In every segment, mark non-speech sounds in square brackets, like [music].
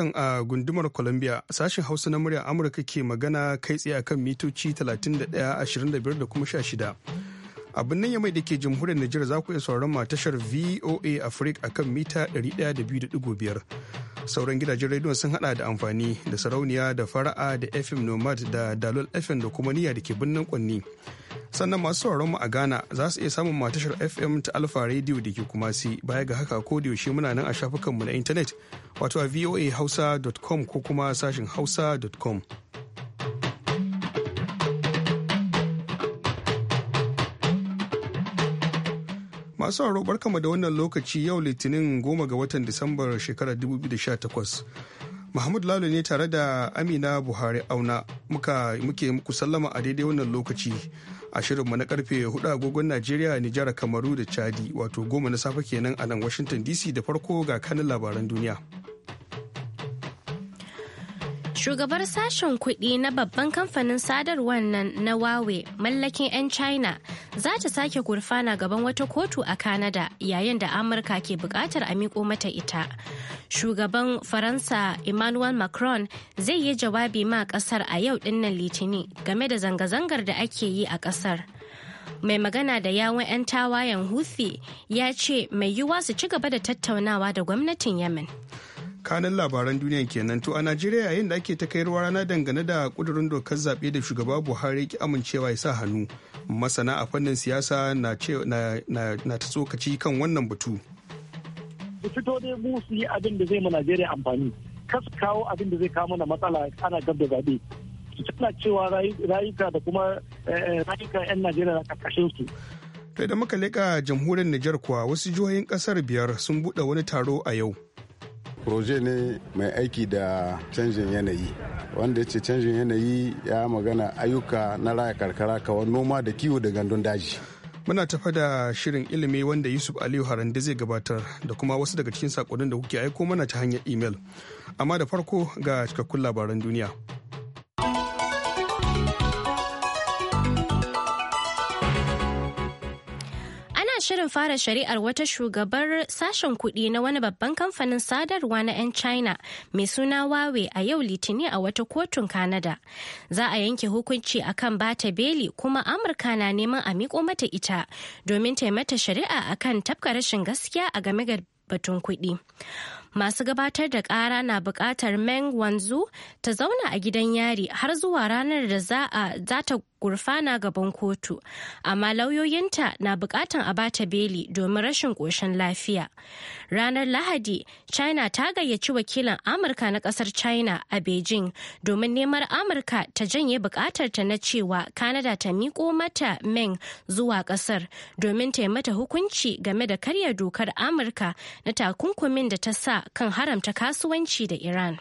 nan a gundumar Columbia sashen Hausa na muryar Amurka ke magana kai tsaye akan mitoci 31, 25 da kuma 16. a nan yamai da ke jamhuriyar Nijar za ku iya sauran ma tashar VOA Africa akan mita 102.5 sauran gidajen rediyon sun hada da amfani da sarauniya da fara'a da FM Nomad da Dalol FM da kuma niyya da ke birnin Kwanni sannan masu sauraron mu a Ghana za su iya samun matashar FM ta Alpha Radio da ke kuma si baya ga haka ko da yaushe muna nan a shafukanmu na intanet wato a voahausa.com ko kuma sashin hausa.com Masu haro barkama da wannan lokaci yau litinin goma ga watan Disambar shekarar 2018. muhammadu Lalo ne tare da Amina Buhari Auna muka muke muku sallama a daidai wannan lokaci a shirinmu na karfe 4 agogon Najeriya, Nijar, Kamaru da Chadi wato goma na safe kenan a nan Washington DC da farko ga kanin labaran duniya. Shugabar sashen kuɗi na babban kamfanin sadarwar nan na Huawei mallakin 'yan China za ta sake gurfana gaban wata kotu a Canada yayin da Amurka ke bukatar a miko mata ita. Shugaban Faransa Emmanuel Macron zai yi jawabi ma kasar a yau dinnan Litinin game da zanga-zangar da ake yi a kasar. Mai magana da yawon 'yan tawayen Houthi ya ce mai yiwuwa su ci gaba da tattaunawa da gwamnatin Yemen. kanan labaran duniya kenan to a najeriya yayin da ake ta kai ruwa rana dangane da kudurin dokar zaɓe da shugaba buhari ki amincewa ya sa hannu masana a fannin siyasa na, ta tsokaci kan wannan batu fito dai mu su yi abin da zai ma najeriya amfani kas kawo abin da zai kawo mana matsala ana gab da zaɓe tana cewa rayuka da kuma eh, eh, rayuka 'yan najeriya na su to muka leƙa jamhuriyar nijar kuwa wasu jihohin ƙasar biyar sun buɗe wani taro a yau proje ne mai aiki da canjin yanayi wanda ya ce canjin yanayi ya magana ayyuka na raya karkara kawar noma da kiwo da gandun daji muna tafa da shirin ilimi wanda yusuf aliyu harande zai gabatar da kuma wasu daga cikin sakonnin da kuke aiko mana ta hanyar imel amma da farko ga cikakkun labaran duniya shirin fara shari'ar wata shugabar sashen kuɗi na wani babban kamfanin sadarwa na 'yan China mai suna wawe a yau litini a wata kotun Kanada. Za a yanke hukunci akan bata beli kuma Amurka na neman a miƙo mata ita domin taimata shari'a akan tafka rashin gaskiya a game ga batun kuɗi. Masu gabatar da ƙara na buƙatar Meng Wanzu ta zauna a gidan yari har zuwa ranar da za ta gurfana gaban kotu amma lauyoyinta na bukatan a bata beli domin rashin koshin lafiya ranar lahadi china ta gayyaci wakilan amurka na kasar china a beijing domin neman amurka ta janye ta na cewa canada ta miƙo mata meng zuwa kasar domin ta mata hukunci game da karya dokar amurka na takunkumin da ta sa kan haramta kasuwanci da iran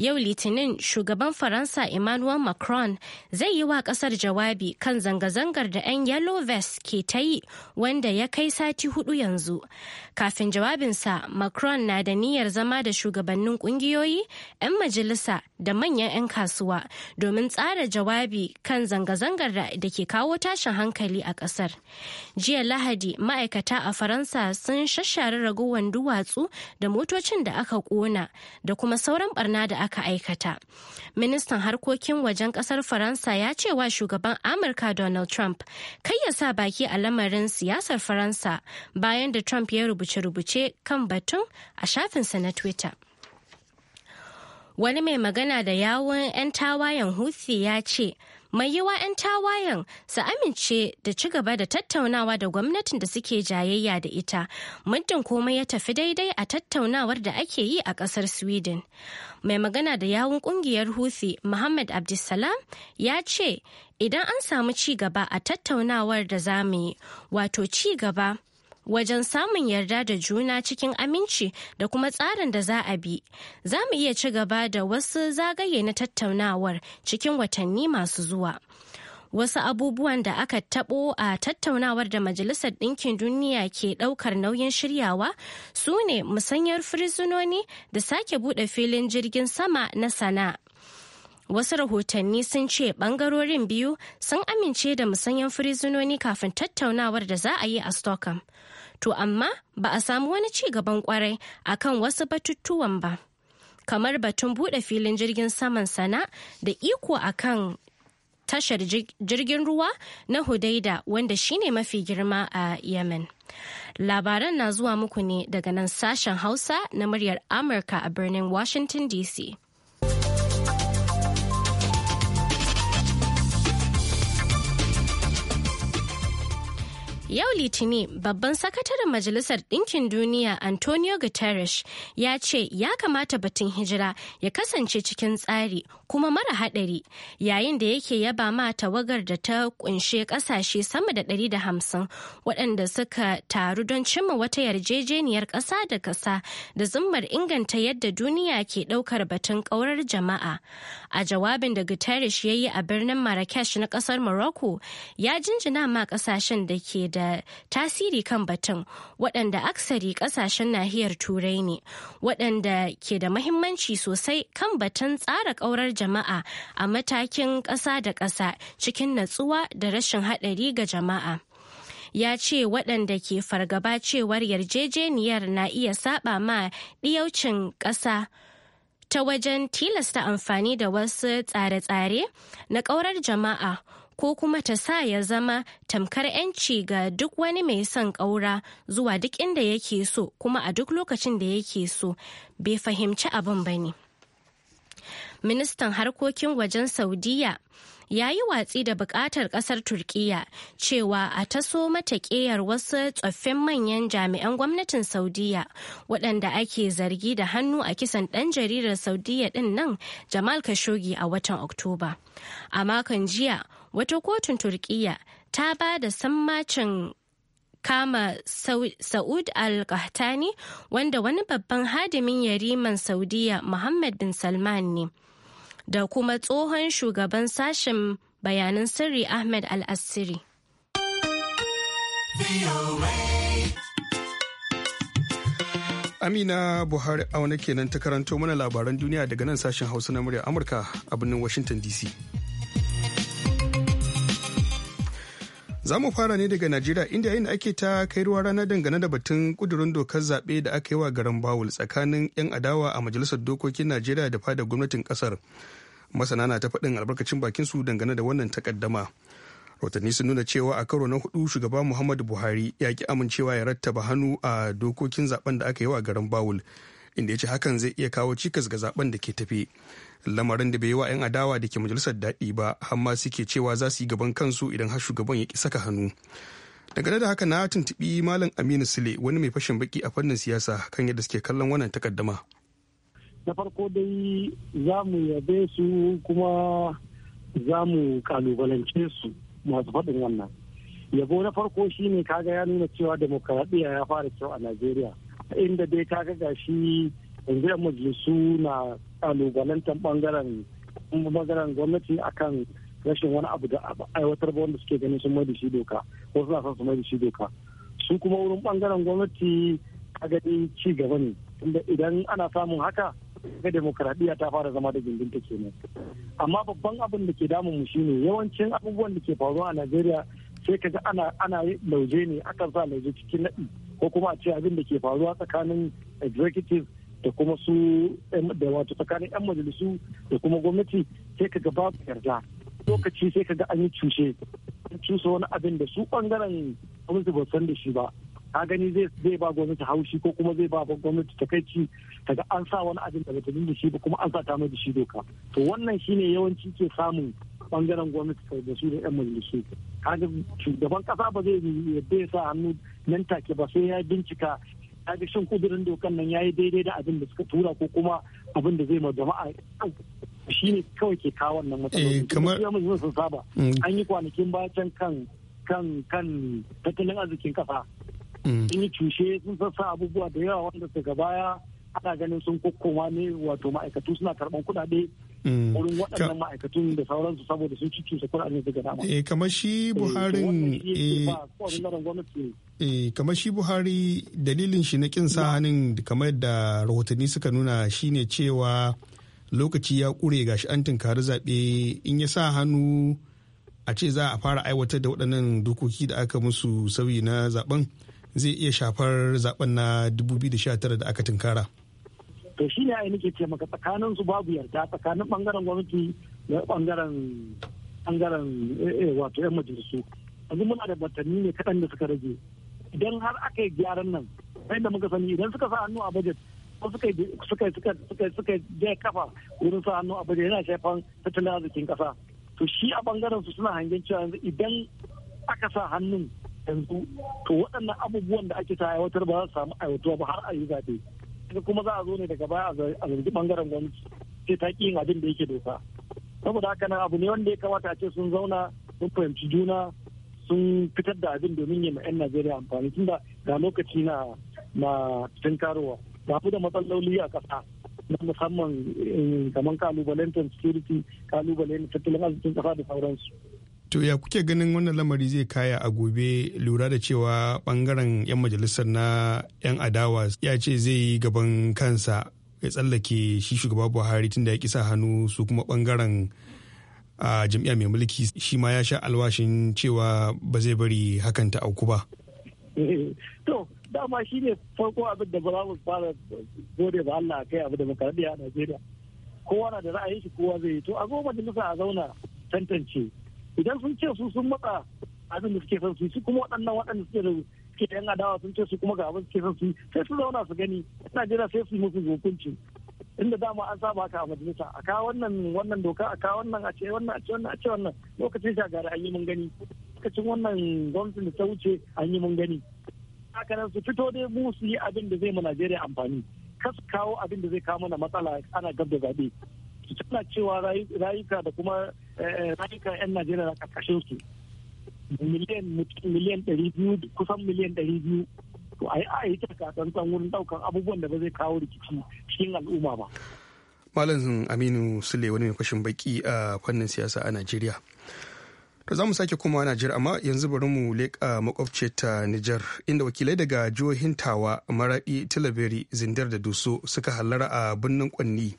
Yau Litinin shugaban Faransa Emmanuel Macron zai yi wa kasar jawabi kan zanga-zangar da 'yan Yellow Vest ke ta yi wanda ya kai sati hudu yanzu. Kafin jawabinsa, Macron na da niyyar zama da shugabannin kungiyoyi, 'yan majalisa da manyan 'yan kasuwa domin tsara jawabi kan zanga-zangar da ke kawo tashin hankali a kasar. Jiya Lahadi, ma'aikata a Faransa sun shashare ragowar duwatsu da motocin da aka kona da kuma sauran barna da aka aka aikata. Ministan harkokin wajen kasar Faransa ya ce wa shugaban Amurka Donald Trump kai ya sa baki a lamarin siyasar Faransa bayan da Trump ya rubuce-rubuce kan batun a shafinsa na Twitter. Wani mai magana da yawun 'yan tawayen Houthi ya ce, mai yiwa 'yan tawayen su amince da ci gaba da tattaunawa da gwamnatin da suke jayayya da ita muddin komai ya tafi daidai a tattaunawar da ake yi a kasar sweden mai magana da yawun kungiyar huthi muhammad abdulsalam ya ce idan an samu ci gaba a tattaunawar da za mu yi wato ci gaba wajen samun yarda da juna cikin aminci da kuma tsarin da za a bi za mu iya ci gaba da wasu zagaye na tattaunawar cikin watanni masu zuwa wasu abubuwan da aka tabo a tattaunawar da majalisar ɗinkin duniya ke ɗaukar nauyin shiryawa su ne musanyar firizinoni da sake buɗe filin jirgin sama na sana'a wasu rahotanni sun ce bangarorin biyu sun amince da musanyar firizinoni kafin tattaunawar da za a yi a stockholm to amma ba a samu wani ci gaban kwarai akan wasu batutuwan ba kamar batun buɗe filin jirgin saman sana da iko akan tashar jirgin ruwa na Hudaida wanda shine mafi girma a Yemen. Labaran na zuwa muku ne daga nan sashen Hausa na muryar Amurka a birnin Washington DC. Yau Litini babban sakataren Majalisar Ɗinkin Duniya Antonio Guterres ya ce ya kamata batun hijira ya kasance cikin tsari kuma mara haɗari yayin da yake yaba ma tawagar da ta kunshe ƙasashe sama da da hamsin, waɗanda suka taru don cimma wata yarjejeniyar ƙasa da ƙasa da zummar inganta yadda duniya ke ɗaukar batun ƙaurar jama'a. A jawabin da Guterres ya yi a birnin Marrakesh na ƙasar Morocco ya jinjina ma ƙasashen da ke da tasiri kan batun waɗanda aksari ƙasashen nahiyar Turai ne waɗanda ke da mahimmanci sosai kan batun tsara ƙaurar jama'a a matakin ƙasa da ƙasa cikin natsuwa da rashin haɗari ga jama'a. ya ce waɗanda ke fargaba cewar yarjejeniyar na iya saba ma ɗiyaucin ƙasa ta wajen tilasta amfani da wasu tsare-tsare na ƙaurar jama'a ko kuma ta sa ya zama tamkar 'yanci ga duk wani mai son ƙaura zuwa duk inda yake so kuma a duk lokacin da yake so bai fahimci abin ba ne. ministan harkokin wajen saudiya ya yi watsi da bukatar kasar turkiya cewa a taso mata ƙeyar wasu tsoffin manyan jami'an gwamnatin saudiya waɗanda ake zargi da hannu a kisan ɗan jaridar saudiya ɗin nan jamal khashoggi a watan oktoba a makon jiya wata kotun turkiya ta ba da sammacin kama Sa'ud al-Qahtani wanda wani babban hadimin yariman Saudiya Muhammad bin Salman ne da kuma tsohon shugaban sashen bayanan sirri Ahmed Al-Assiri. Amina Buhari auna kenan ta karanto mana labaran duniya daga nan sashen Hausa na murya Amurka a birnin Washington DC. Za mu fara ne daga Najeriya inda yayin da ake ta kai ruwa rana dangane da batun kudurin dokar zaɓe da aka yi wa garin Bawul tsakanin 'yan adawa a Majalisar Dokokin Najeriya da fada gwamnatin kasar Masana na ta faɗin albarkacin bakin su dangane da wannan takaddama. Rotanni sun nuna cewa a karo na hudu shugaba Muhammadu Buhari ya ki amincewa ya rattaba hannu a dokokin zaben da aka yi wa garin Bawul. inda ya ce hakan zai iya kawo cikas ga zaben da ke tafi lamarin da bai yi wa 'yan adawa da ke majalisar daɗi ba amma suke cewa za su yi gaban kansu idan har shugaban ya ki saka hannu dangane da haka na tuntubi malam aminu sule wani mai fashin baki a fannin siyasa kan yadda suke kallon wannan takaddama na farko dai za mu yabe su kuma za mu kalubalance su masu faɗin wannan yabo na farko shine kaga ya nuna cewa demokaradiyya ya fara kyau a najeriya inda dai ka ga gashi yanzu yan majalisu na kalubalantar bangaren bangaren gwamnati akan rashin wani abu da aiwatar ba wanda suke ganin sun mai da shi doka ko suna son su mai da shi doka su kuma wurin bangaren gwamnati a gani ci gaba ne inda idan ana samun haka ga demokaradiyya ta fara zama da gindin take ne amma babban abin da ke damun mu shine yawancin abubuwan da ke faruwa a Najeriya sai kaga ana ana lauje ne akan sa lauje cikin naɗi ko kuma a ce abin da ke faruwa tsakanin executive da kuma su da wato tsakanin 'yan majalisu da kuma gwamnati sai ka ga babu yarda lokaci sai ka ga an yi cushe cusa wani abin da su bangaren gwamnati ba san da shi ba ka gani zai ba gwamnati haushi ko kuma zai ba gwamnati takaici kaga an sa wani abin da bata da shi ba kuma an sa ta da shi doka to wannan shine yawanci ke samun bangaren gwamnati da su da yan majalisu kaga shugaban kasa ba zai yadda ya sa hannu nan take ba sai ya bincika ya ga shan kudurin dokan nan ya yi daidai da abin da suka tura ko kuma abin da zai ma jama'a shi ne kawai ke kawo wannan eh, matsalolin mm. an yi kwanakin baya kan kan kan tattalin arzikin kasa mm. sun yi cushe sun sassa abubuwa da yawa wanda daga baya ana ganin sun kokkoma ne wato ma'aikatu suna karban kuɗaɗe mm. wurin waɗannan ma'aikatun da sauransu saboda sun ci cusa kuɗaɗe daga dama. Eh kamar shi eh, Buharin eh e kamar shi buhari dalilin shi na kin sa hannun kamar yadda rahotanni suka nuna shine cewa lokaci ya kure gashi an tunkari zaɓe in ya sa hannu a ce za a fara aiwatar da waɗannan dokoki da aka musu sauyi na zaben zai iya shafar zaben na 2019 da aka tunkara. to shi ne nake ce maka tsakanin su babu yarda tsakanin bangaren gwamnati da bangaren bangaren eh, eh, wato yan majalisu yanzu muna da batanni ne kaɗan da suka rage idan har aka yi gyaran nan da muka sani idan suka sa hannu a budget ko suka suka suka suka kafa wurin sa hannu a budget yana shafan tattalin arzikin kasa to shi a bangaren su suna hangen cewa yanzu idan aka sa hannun yanzu to waɗannan abubuwan da ake ta aiwatar ba za su samu aiwatuwa ba har a yi zaɓe kuma za a zo ne daga baya a zargi bangaren gwamnati sai ta ƙi yin abin da yake doka saboda haka nan abu ne wanda ya kamata a ce sun zauna sun fahimci juna sun fitar da abin domin yi ma 'yan najeriya amfani tunda ga lokaci na na tunkarowa ba da matsaloli a kasa na musamman eh, kamar kalubalentan security kalubalen tattalin arzikin ƙasa da sauransu To ya kuke ganin wannan lamari zai kaya a gobe lura da cewa bangaren 'yan majalisar na 'yan adawa ya ce zai yi gaban kansa ya tsallake shi shugaba Buhari tun da ya kisa hannu su kuma bangaren a jam'iyya mai mulki shi ma ya sha alwashin cewa ba zai bari hakan ta auku ba. [laughs] To, dama shi ne farko abin da ba za mu fara gode ba Allah kai abu da makarantiya a Najeriya. Kowa na da ra'ayin shi kowa zai yi. To, a goma da a zauna tantance. Idan sun ce su sun matsa abin da suke son su su kuma waɗannan waɗanda suke da suke yan adawa sun ce su kuma ga abin suke son su sai su zauna su gani. Najeriya sai su yi musu hukunci. inda dama an saba haka a majalisa a kawo wannan wannan doka a kawo wannan a ce wannan a ce wannan a ce wannan lokacin shagari an yi mun gani lokacin wannan gwamnatin da ta wuce an yi mun gani haka nan su fito dai mu su yi abin da zai ma Najeriya amfani kas kawo abin da zai kawo mana matsala ana gab da zaɓe su tana cewa rayuka da kuma eh, rayuka 'yan Najeriya na ƙarƙashin su miliyan ɗari biyu kusan miliyan ɗari biyu to ai a yi tsantsan wurin daukan abubuwan da ba zai kawo rikici cikin al'umma ba malam aminu sule wani mai fashin baki a fannin siyasa a najeriya to za mu sake kuma najeriya amma yanzu bari mu leƙa makwabce ta nijar inda wakilai daga jihohin tawa maraɗi tilaberi zindar da duso suka hallara a birnin kwanni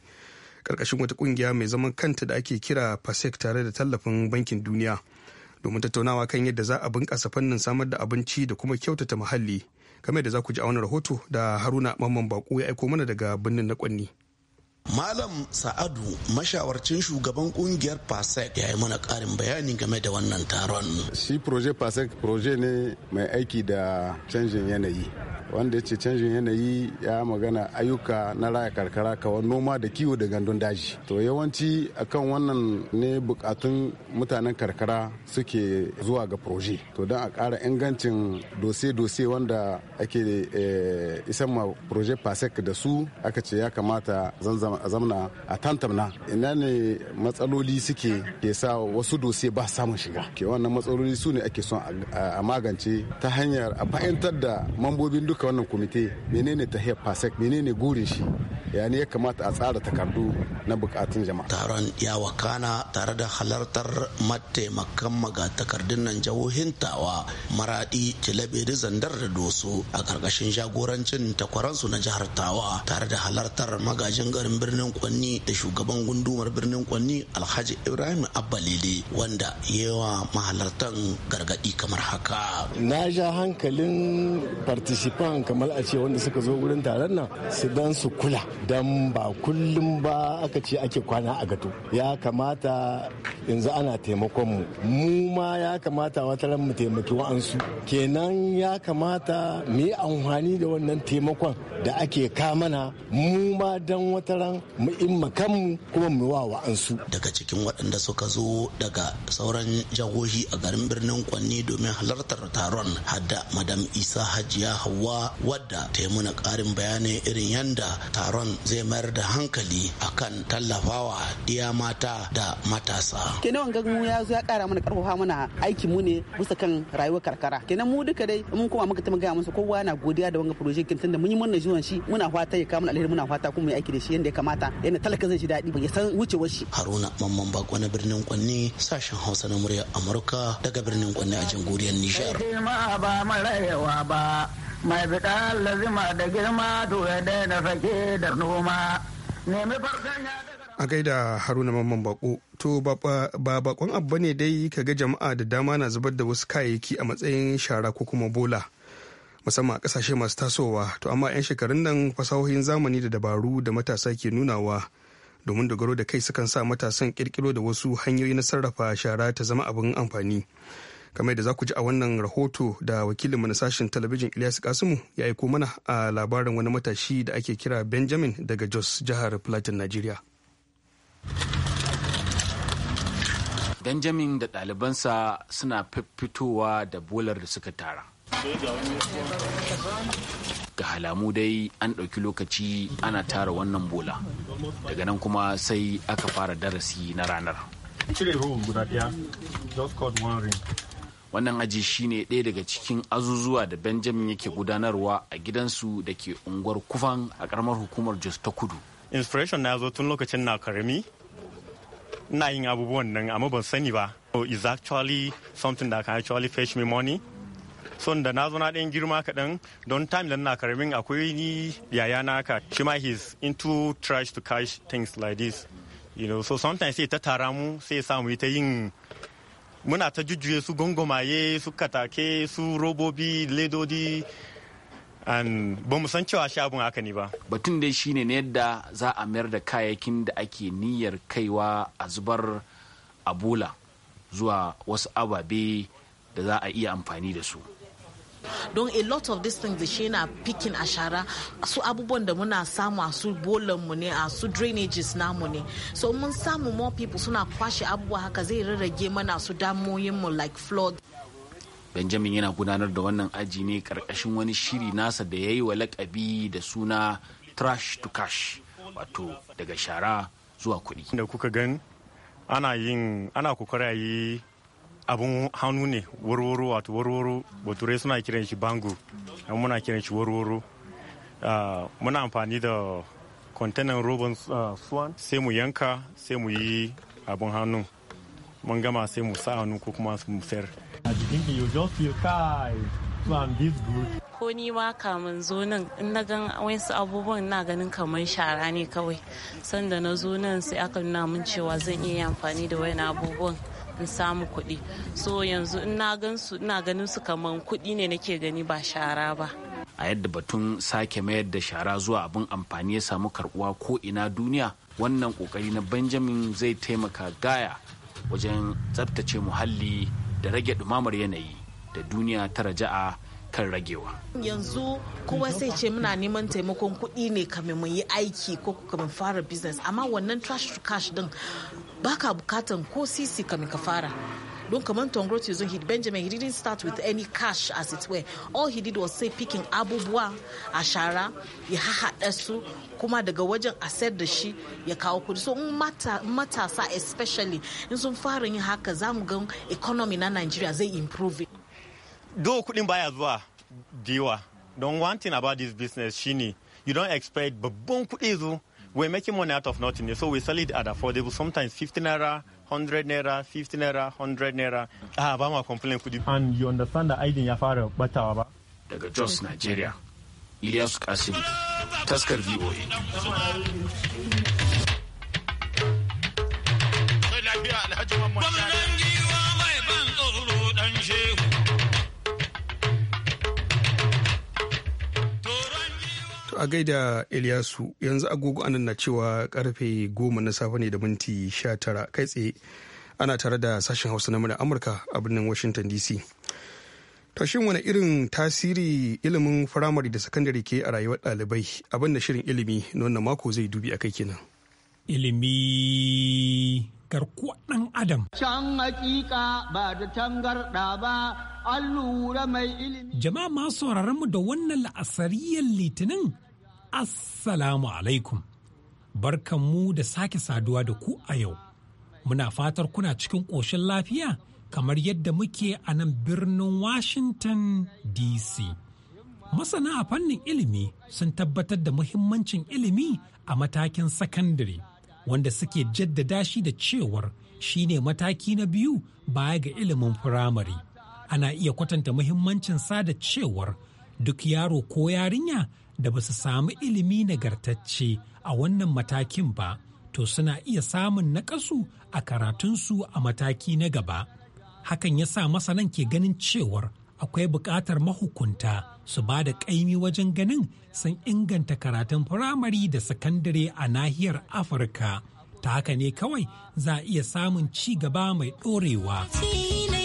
karkashin wata kungiya mai zaman kanta da ake kira pasek tare da tallafin bankin duniya domin tattaunawa kan yadda za a bunƙasa fannin samar da abinci da kuma kyautata muhalli kamar da za ku ji a wani rahoto da haruna mamman baƙo ya aiko mana daga birnin na kwanni Malam Sa'adu mashawarcin shugaban kungiyar pasek ya yi mana karin bayani game da wannan taron. Shi proje pasek proje ne mai aiki da canjin yanayi. wanda ya ce canjin yanayi ya magana ayyuka na raya karkara kawai noma da kiwo da gandun daji to yawanci akan wannan ne bukatun mutanen karkara suke zuwa ga proje to don a kara ingancin dose-dose wanda ake eh, isan ma proje pasek da su aka ce ya kamata a zamna a tantamna ina ne matsaloli suke ke sa wasu dose ba samun shiga ke wannan matsaloli su ne ake son a magance ta hanyar a fahimtar da mambobin duk. saka wannan kwamiti menene hiyar pasek menene gurin shi ne ya kamata a tsara takardu na bukatun jama'a taron ya wakana tare da halartar mataimakan maga takardun nan jihohin tawa maradi kilabe da zandar da doso a karkashin jagorancin takwaransu na jihar tawa tare da halartar magajin garin birnin kwanni da shugaban gundumar birnin kwanni alhaji ibrahim abbalele wanda yawa mahalartan gargadi kamar haka na ja hankalin participant kamar a ce wanda suka zo wurin taron nan su dan su kula don ba kullum ba aka ce ake kwana a gato ya kamata yanzu ana taimakon mu mu ma ya kamata wata mu taimaki wa'ansu kenan ya kamata mu yi amfani da wannan taimakon da ake kamana mu ma don wata ran mu in makanmu kuma mu wa wa'ansu daga cikin waɗanda suka zo daga sauran jagohi a garin birnin kwanni domin halartar taron hadda madam isa hajiya hawa wadda ta yi muna ƙarin bayanin irin yanda taron zai mayar da hankali akan tallafawa diya mata da matasa kenan wanga mu ya zo ya kara mana karfafa mana aiki mu ne bisa kan rayuwar karkara kenan mu duka dai mun koma muka tuma gaya musu kowa na godiya da wanga project kin tunda mun yi mana zuwan shi muna fata ya kama alheri muna fata kuma mu aiki da shi yanda ya kamata yana talaka zai ji daɗi ya san wucewar shi haruna mamman bako na birnin kwanni sashen hausa na murya amurka daga birnin kwanni a jamhuriyar nijar ba mai fiɗa lazima da girma to ya daina da noma nemi a gaida haruna mamman bako to ba bakon abu ne dai ka ga jama'a da dama na zubar da wasu kayayyaki a matsayin shara ko kuma bola musamman a kasashe masu tasowa to amma 'yan shekarun nan fasahohin zamani da dabaru da matasa ke nunawa domin dogaro da kai sukan sa matasan kirkiro da wasu hanyoyi na sarrafa shara ta zama abin amfani kamar da za ku ji a wannan rahoto da wakilin mana sashen talabijin ilyas kasimu ya aiko mana a labarin wani matashi da ake kira benjamin daga jos jihar plateau nigeria benjamin da ɗalibansa suna fitowa da bolar da suka tara ga halamu dai an ɗauki lokaci ana tara wannan bola daga nan kuma sai aka fara darasi na ranar wannan aji shine ɗaya daga cikin azuzuwa da benjamin yake gudanarwa a gidansu da ke unguwar kufan a karamar hukumar jos ta kudu inspiration na zo tun lokacin na karami ina yin abubuwan nan amma ban sani ba is actually something that can actually fetch me money so da na zo na ɗan girma kaɗan don time da na karamin akwai ni yaya na ka shi ma he's into tries to cash things like this you know so sometimes sai ta tara mu sai samu ta yin muna ta jujjuye su gongomaye su katake su robobi ledodi ba mu san cewa shagon haka ne ba batun dai shine ne yadda za a mayar da kayayyakin da ake niyyar kaiwa a zubar a bola zuwa wasu ababe da za a iya amfani da su don a lot of these things da shi na picking a shara su abubuwan da muna samu a su bolan mu ne a su drainages namu ne so mun samu more people suna kwashe abubuwa haka zai rarrage mana su damoyinmu mu like flood benjamin yana gudanar da wannan aji ne karkashin wani shiri nasa da ya yi wa lakabi da suna trash to cash wato daga shara zuwa kuɗi da kuka gan ana yin ana kokari yi abun hannu ne warwaro wato warwaro bature suna kiran shi bango muna kiran shi warwaro ah, muna amfani da kwantenan roban ah, swan sai mu yanka sai mu yi abun hannu mun gama sai mu sa hannu ko kuma mu sayar ko ni ma kamun zo nan in na gan wasu abubuwan na ganin kamar shara ne kawai sanda na zo nan sai aka nuna min cewa zan iya amfani da wani abubuwan in samu kuɗi so yanzu ina ganin su kamar kuɗi ne nake gani ba shara ba a yadda batun sake mayar da shara zuwa abin amfani ya samu karɓuwa ko ina duniya wannan kokari na benjamin zai taimaka gaya wajen tsabtace muhalli da rage dumamar yanayi da duniya ta raja'a kan ragewa yanzu kowa sai ce muna neman taimakon kuɗi ne kamar mun yi aiki ko kamin fara business amma wannan trash to cash din baka bukatan ko sisi kamar ka fara don kamar Tom Grote zo Benjamin he didn't start with any cash as it were all he did was say picking abubuwa a shara ya haɗa su kuma daga wajen a sayar da shi ya kawo kudi so matasa especially in sun fara yin haka zamu mu ga economy na Nigeria zai improve do kudin baya zuwa da yawa don one thing about this business shine you don't expect babban kuɗi zo we're making money out of nothing so we sell it at affordable sometimes 50 naira 100 naira 50 naira 100 naira ah ba ma complain kuɗi and you understand that aidin ya fara batawa ba daga jos nigeria Ilyasu Kasim, taskar VOA. Gwamnan To a gaida Ilyasu yanzu agogo anan na cewa karfe goma na safe ne da minti sha tara kai tsaye ana tare da sashen hausa na murya Amurka a birnin Washington DC. To shin wani irin tasiri ilimin firamare da sakandare ke a rayuwar ɗalibai abinda shirin ilimi na wannan mako zai dubi a kai kenan. Ilimi garkuwar ɗan adam. Can hakika ba da tangarɗa ba, an lura mai ilimi. Jama'a ma sauraron mu da wannan la'asariyar litinin, Assalamu alaikum. Barkan mu da sake saduwa da ku a yau. Muna fatar kuna cikin ƙoshin lafiya kamar yadda muke a nan birnin Washington DC. Masana a fannin ilimi sun tabbatar da muhimmancin ilimi a matakin sakandare. wanda suke jaddada shi da cewar shine mataki na biyu baya ga ilimin firamare ana iya kwatanta muhimmancin sada cewar duk yaro ko yarinya da ba su samu ilimi nagartacce a wannan matakin ba to suna iya samun naƙasu a karatunsu a mataki na gaba hakan ya sa masanan ke ganin cewar akwai buƙatar mahukunta su ba da ƙaimi wajen ganin sun inganta karatun firamare da sakandare a nahiyar afirka ta haka ne kawai za a iya samun ci gaba mai ɗorewa.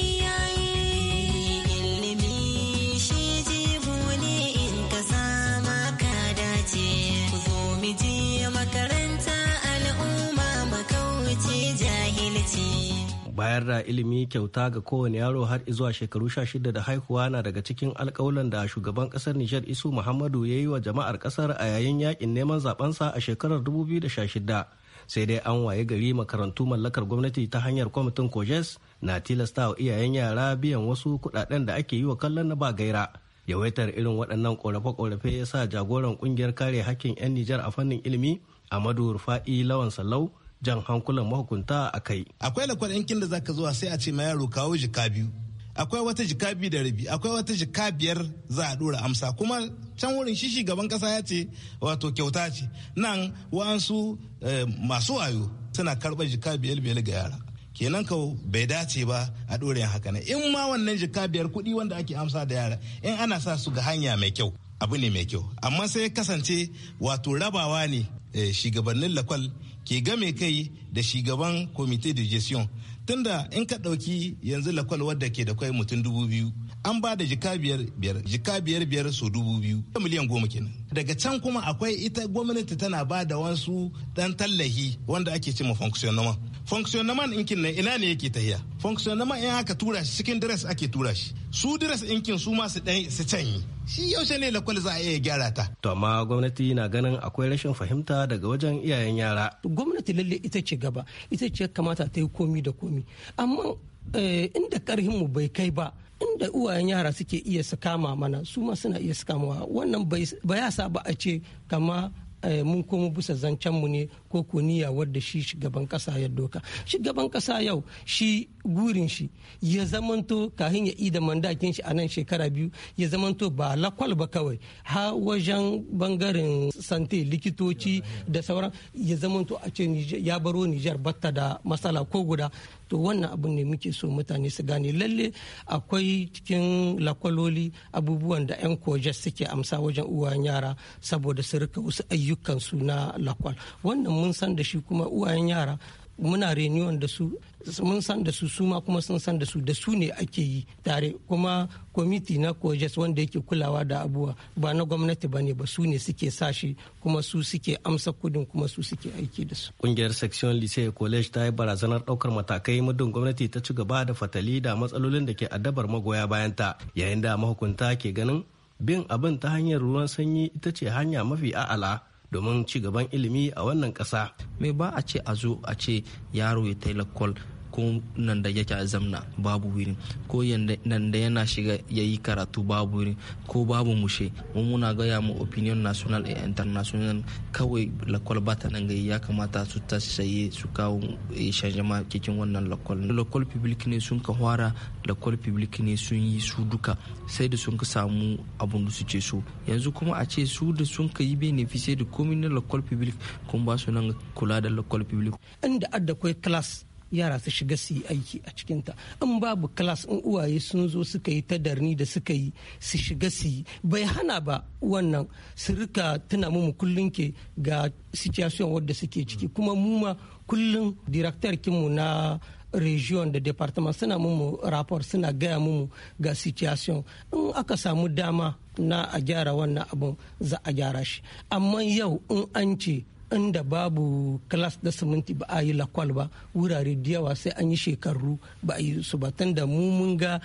bayar da ilimi kyauta ga kowane yaro har zuwa shekaru sha shida da haihuwa na daga cikin alkawalan da shugaban kasar Nijar Isu Muhammadu ya yi wa jama'ar kasar a yayin yakin neman zabensa a shekarar dubu 2016. Sai dai an waye gari makarantu mallakar gwamnati ta hanyar kwamitin Kojes na tilasta wa iyayen yara biyan wasu kuɗaɗen da ake yi wa kallon na ba gaira. Yawaitar irin waɗannan ƙorafe-ƙorafe ya sa jagoran ƙungiyar kare hakkin 'yan Nijar a fannin ilimi Amadu Rufa'i Lawan Sallau jan hankulan mahukunta a kai. Akwai lakwal yankin da zaka zuwa sai a ce ma yaro kawo jika biyu. Akwai wata jika biyu da rabi, akwai wata jika biyar za a dora amsa kuma can wurin shishi gaban kasa ya ce wato kyauta ce nan wa'ansu eh, masu wayo suna karɓar jika biyar biyar ga yara. kenan ka bai dace ba a ɗore haka ne in ma wannan jika biyar kuɗi wanda ake amsa da yara in ana sa su ga hanya mai kyau abu ne mai kyau amma sai kasance wato rabawa ne eh, shugabannin lakwal ke game kai da shugaban komite de gestion tunda in ka ɗauki yanzu lakwal wadda ke da kwai mutum dubu biyu an ba da jika biyar biyar jika biyar biyar so dubu biyu miliyan goma kenan daga can kuma akwai ita gwamnati tana ba da wasu dan tallahi wanda ake cewa fonksiyonoma fonksiyonoma inkin nan ina ne yake tahiya fonksiyonoma in haka tura shi cikin dress ake tura shi su in inkin su ma su dan su canyi shi yaushe ne lakwal za a iya gyara ta to amma gwamnati na ganin akwai rashin fahimta daga wajen iyayen yara gwamnati lalle ita ce gaba ita ce kamata ta yi komi da komi amma eh, inda karhin mu bai kai ba inda uwayen yara suke iya su kama mana su ma suna iya su kamawa wannan ba ya sa ba a ce kama eh, mun komo bisa mu ne ko kuniya wadda shi shugaban kasa ya doka shugaban kasa yau shi gurin shi ya zamanto kahin ya ida mandakin shi a nan shekara biyu ya zamanto ba lakwal ba kawai ha wajen bangaren sante likitoci da sauran ya zamanto a ce ya baro nijar batta da matsala ko guda to wannan abun ne muke so mutane su gane lalle akwai cikin lakwaloli abubuwan da 'yan kojas suke amsa wajen uwayen yara saboda su rika wasu ayyukan su na lakwal wannan mun san da shi kuma uwayen yara muna reunion da su mun san da su su ma kuma sun san da su da su ne ake yi tare kuma kwamiti na kojes wanda yake kulawa da abuwa ba na gwamnati ba ne ba su ne suke sashi kuma su suke amsa kudin kuma su suke aiki da su kungiyar section lycée college ta yi barazanar daukar matakai muddin gwamnati ta ci gaba da fatali da matsalolin da ke addabar magoya bayan ta yayin da mahukunta ke ganin bin abin ta hanyar ruwan sanyi ita ce hanya mafi a'ala domin ci gaban ilimi a wannan ƙasa. Me ba a ce a zo a ce yaro ya tai kwal. ko nan da yake a zamna babu wurin ko nan da yana shiga ya yi karatu babu wuri ko babu mushe mu muna gaya mu opinion national e international kawai lakwal ba ta nan gai ya kamata su ta saye su kawo shanjama eh, cikin wannan lakwal lakwal public ne sun ka fara lakwal public ne sun yi su duka sai da sun ka samu abun da su ce so yanzu kuma a ce su da sun ka yi benefice da komai na lakwal public kun ba su nan kula da lakwal public inda adda kai class yara su shiga su yi aiki a cikinta in babu kilas in uwaye sun zo suka yi tadarni da suka yi su shiga su yi bai hana ba wannan su rika tuna mu kullum ke ga situation wadda suke ciki kuma mu ma kullum director kinmu na region da department suna mu rapport suna gaya mu ga situation in aka samu dama na a gyara wannan abun za a gyara shi amma yau in an ce inda babu class da siminti ba a yi lakwal ba wurare da yawa sai an yi shekaru ba a yi su ba tunda mu mun ga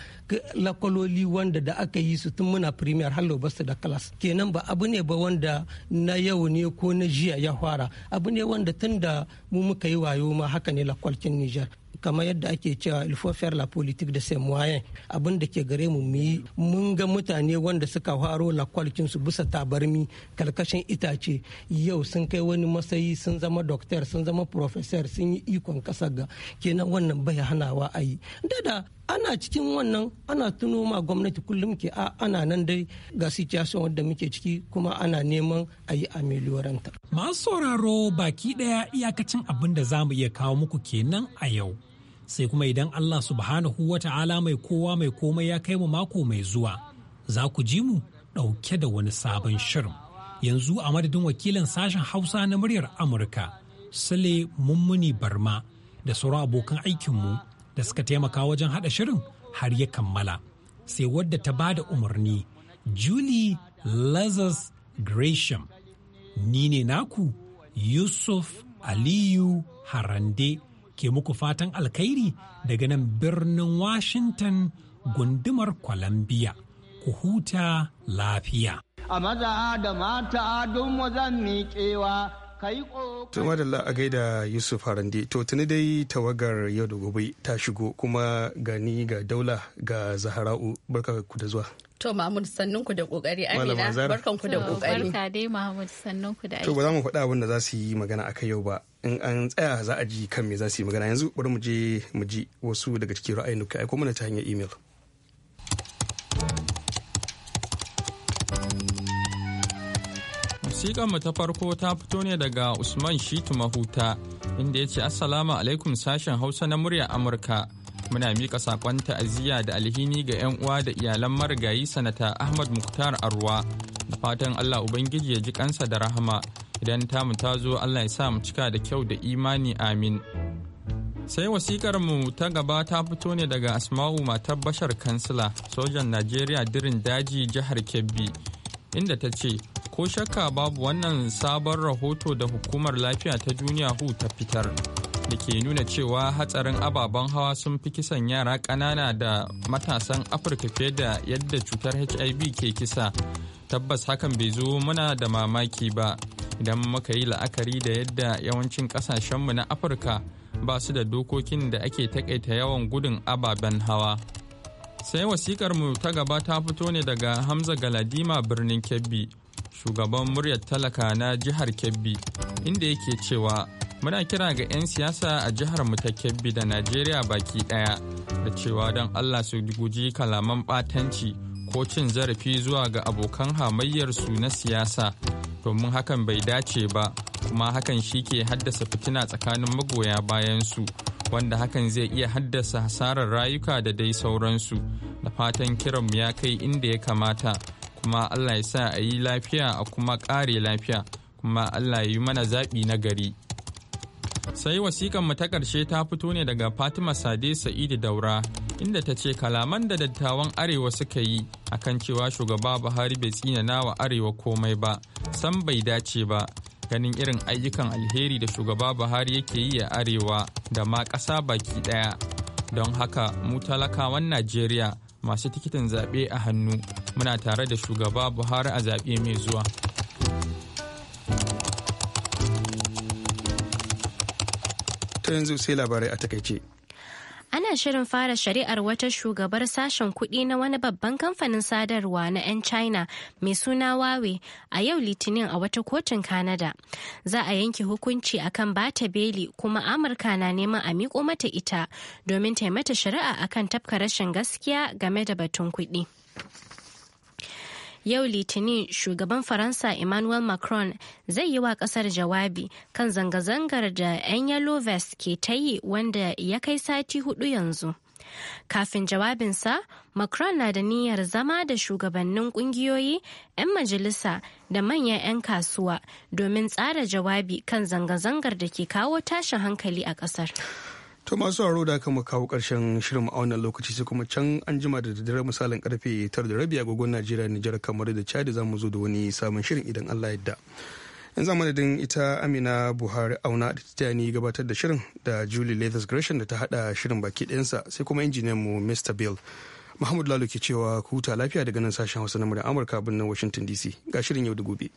lakwaloli wanda da aka yi su tun muna premier hallo ba su da class kenan ba abu ne ba wanda na yau ne ko na jiya ya fara abu ne wanda tun da mu muka yi wayo ma haka ne lakwalcin Nijar kamar yadda ake cewa il faut faire la politique de ses moyens abin da ke gare mu muyi mun ga mutane wanda suka faro lakwalcin su bisa tabarmi karkashin itace yau sun kai wani masayi sun zama doctor sun zama professor sun yi ikon kasar ga kenan wannan bai hanawa a yi dada ana cikin wannan ana tuno ma gwamnati kullum ke a ana nan dai ga situation wadda muke ciki kuma ana neman a yi amelioranta. masu sauraro baki daya iyakacin abin da za mu iya kawo muku kenan a yau sai kuma idan Allah subhanahu wa ta'ala mai kowa mai komai ya kai mu mako mai zuwa za ku ji mu ɗauke da wani sabon shirin yanzu a madadin wakilin sashen hausa na muryar amurka sule mummuni barma da sauran abokan aikinmu da suka taimaka wajen haɗa shirin har ya kammala sai wadda ta ba da umarni julie lazarus gresham ni ne naku yusuf aliyu harande ke muku fatan alkhairi daga nan birnin Washington gundumar Columbia. Ku huta lafiya. A maza da mata don wazan miƙewa To madalla a gaida Yusuf Harande to tuni dai tawagar yau da gobe ta shigo kuma gani ga daula ga Zahara'u barka ku da zuwa. To Mahmud sannun ku da kokari Amina barkan ku da kokari. Barka dai Mahmud sannun ku da aiki. To ba za mu faɗa abin da za su yi magana akai yau ba. In an tsaya za a ji kan me za su yi magana yanzu bari mu je mu ji wasu daga cikin ra'ayin da aiko mana ta hanyar email. mu ta farko ta fito ne daga Usman Shitu Mahuta inda ya ce Assalamu alaikum sashen Hausa na murya Amurka. muna mika sakon ta'aziyya da alhini ga 'yan uwa da iyalan marigayi sanata ahmad muktar arwa da fatan allah ubangiji ya ji kansa da rahama idan ta mu zo allah ya sa mu cika da kyau da imani amin sai wasikar mu ta gaba ta fito ne daga asma'u matar bashar kansila sojan najeriya dirin daji jihar kebbi inda ta ce ko shakka babu wannan sabon rahoto da hukumar lafiya ta duniya hu ta fitar da ke nuna cewa hatsarin ababen hawa sun fi kisan yara ƙanana da matasan afirka fiye da yadda cutar hiv ke kisa tabbas hakan bai zo muna da mamaki ba idan muka yi la'akari da yadda yawancin ƙasashenmu na afirka ba su da dokokin da ake takaita yawan gudun ababen hawa sai wasikar mu ta gaba ta fito ne daga hamza galadima birnin kebbi shugaban muryar talaka na jihar kebbi inda yake cewa muna kira ga 'yan siyasa a jihar mu ta kebbi da najeriya baki daya da cewa don allah su guji kalaman batanci ko cin zarafi zuwa ga abokan hamayyarsu na siyasa domin hakan bai dace ba kuma hakan shi ke haddasa fitina tsakanin magoya bayansu wanda hakan zai iya haddasa hasarar rayuka da dai sauransu da fatan kiranmu ya kai inda ya kamata kuma allah ya sa a yi lafiya a kuma kare lafiya kuma allah ya yi mana zaɓi na gari sai wasikan mu ta ƙarshe ta fito ne daga fatima sade sa'idu daura inda ta ce kalaman da dattawan arewa suka yi akan cewa shugaba buhari bai tsina nawa arewa komai ba san bai dace ba ganin irin ayyukan alheri da shugaba buhari yake yi a arewa da ma ƙasa baki ɗaya don haka mu talakawan najeriya masu tikitin zaɓe a hannu muna tare da shugaba buhari a zaɓe mai zuwa yanzu sai labarai a takaice. Ana shirin fara shari'ar wata shugabar sashen kuɗi na wani babban kamfanin sadarwa na 'yan China mai suna wawe a yau Litinin a wata kotun Canada. Za a yanke hukunci akan bata beli kuma Amurka na neman a miƙo mata ita domin taimata shari'a akan tafka rashin gaskiya game da batun kuɗi. yau litinin shugaban faransa emmanuel macron zai yi wa kasar jawabi kan zanga-zangar da 'yan yellow vest ke ta yi wanda ya kai sati hudu yanzu kafin jawabinsa macron na da niyyar zama da shugabannin kungiyoyi 'yan majalisa da manyan 'yan kasuwa domin tsara jawabi kan zanga-zangar da ke kawo tashin hankali a kasar To masu haro da aka kawo karshen shirin a wannan lokaci sai kuma can an jima da daddare misalin karfe tara da rabi agogon Najeriya Nijar kamar da Chad za mu zo da wani sabon shirin idan Allah yadda. Yan zamanin ita Amina Buhari auna da ta ni gabatar da shirin da Julie Leathers Gresham da ta hada shirin baki sa sai kuma injiniyan mu Mr. Bill. Muhammad Lalo ke cewa ku huta lafiya daga nan sashen Hausa na Amurka birnin Washington DC. Ga shirin yau da gobe.